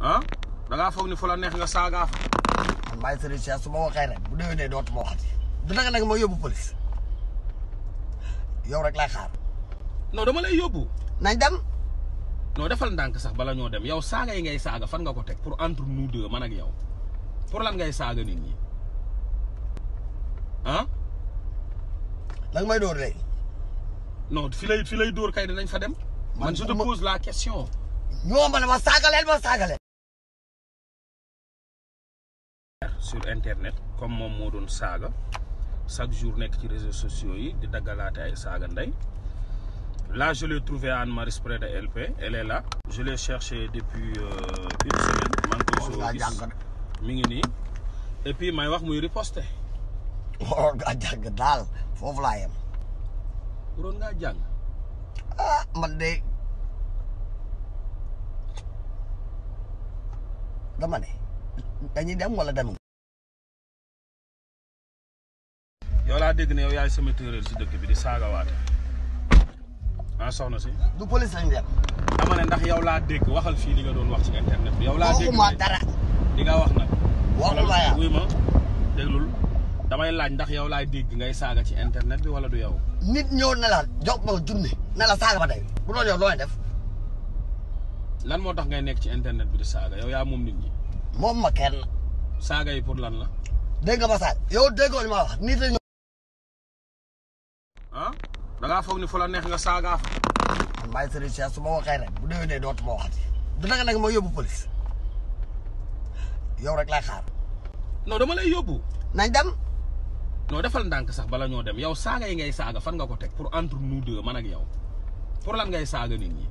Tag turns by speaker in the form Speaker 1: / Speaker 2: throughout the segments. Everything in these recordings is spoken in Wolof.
Speaker 1: ah da ngaa foog ni fu la neex nga saaga fa. man maay sëriñ Cheikh su ma waxee rek bu déwénee dootuma waxati. du naka nag ma yóbbu police yow rek laay xaar. non dama lay yóbbu. nañ dem. non defal ndànk sax bala ñoo dem yow saaga yi ngay saaga fan nga ko teg pour entre nous deux man ak yow pour lan ngay saaga ni ñi ah. lan may dóor léegi. non fi lay fi lay dóor kay dinañ fa dem. man je te pose la question. ñoo ma ne ma saagaleel ma saagaleel. sur internet comme moom moo doon saaga chaque jour nekk ci réseaux sociaux yi di daggalaate ay saaga ndey là je l'ai trouvé à Anne-Marie près de LP elle est là depuis euh, semaine maa ngi oh, soo gis mi ngi nii et may wax muy riposte waroon oh, ngaa jàng daal foofu laa yem waroon jàng ah man de dama ne dem wala danu yow laa dégg na yow yaay sama téeréer si dëkk bi di saagawaate ah soxna si. du police lañ dem. dama ne ndax yow laa dégg waxal fii li doon wax ci internet bi. yow laa dégg waxuma nga wax nag. waxuma yaa wuy ma damay laaj ndax yow laay dégg ngay saaga ci internet bi wala du yow. nit ñëw na la jox ma junne na la saaga ba tey bu loolu yow looy def. lan moo tax ngay nekk ci internet bi di saaga yow yaa moom nit ñi. moom ma kenn. saaga yi pour lan la. dégg nga saaga yow déggoo li ma wax nit la da ngaa foog ni fu la neex nga saagaa fa. man maay Serigne Cheikh su ma waxee rek bu déwénee dootuma waxati. du naka nag ma yóbbu police yow rek laa xaar. non dama lay yóbbu. nañ dem. non defal ndànk sax bala ñoo dem yow saaga yi ngay saaga fan nga ko teg pour entre nous deux man ak yow pour lan ngay saaga nit ñi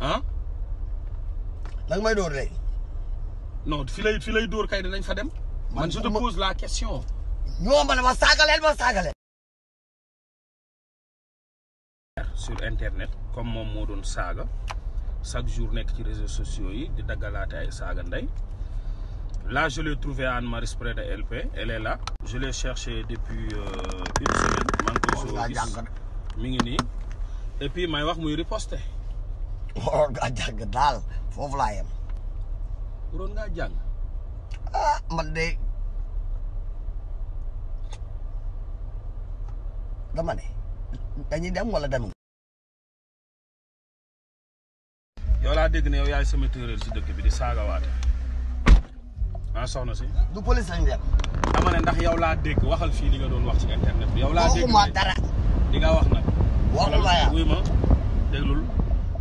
Speaker 1: ah. lan may dóor léegi. non fi lay fi lay dóor kay dinañ fa dem. man je te pose la question. ñoo ma ne ma saagaleel ma saagaleel. sur internet comme moom moo doon saaga chaque jour nekk ci réseaux sociaux yi di daggalaate ay saaga ndey là je l'ai trouvé à Anne-Marie près de LP elle est là depuis euh, une semaine maa koy soo gis mi ngi nii et puis may wax muy riposté waroon oh, ngaa jàng daal foofu laa yem waroon ngaa jàng ah man de dama dañuy dem wala dem yow laa dégg ne yow yaay sama téeréer si dëkk bi di saagawaate maa soxna si. du police lañ dem. dama ndax yow laa dégg waxal fii li nga doon wax ci internet bi. yow laa dégg di nga wax nag. waxuma yaa wuy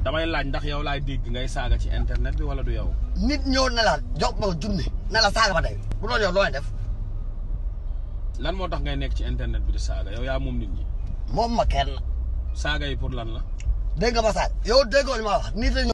Speaker 1: damay laaj ndax yow laay dégg ngay saaga ci internet bi wala du yow. nit ñëw na la jox ma la saaga ba tey bu moo tax ngay nekk ci internet bi di saaga yow yaa moom nit ñi. moom ma kenn. saaga yi pour lan la. dégg ma saaga yow déggoo li ma wax la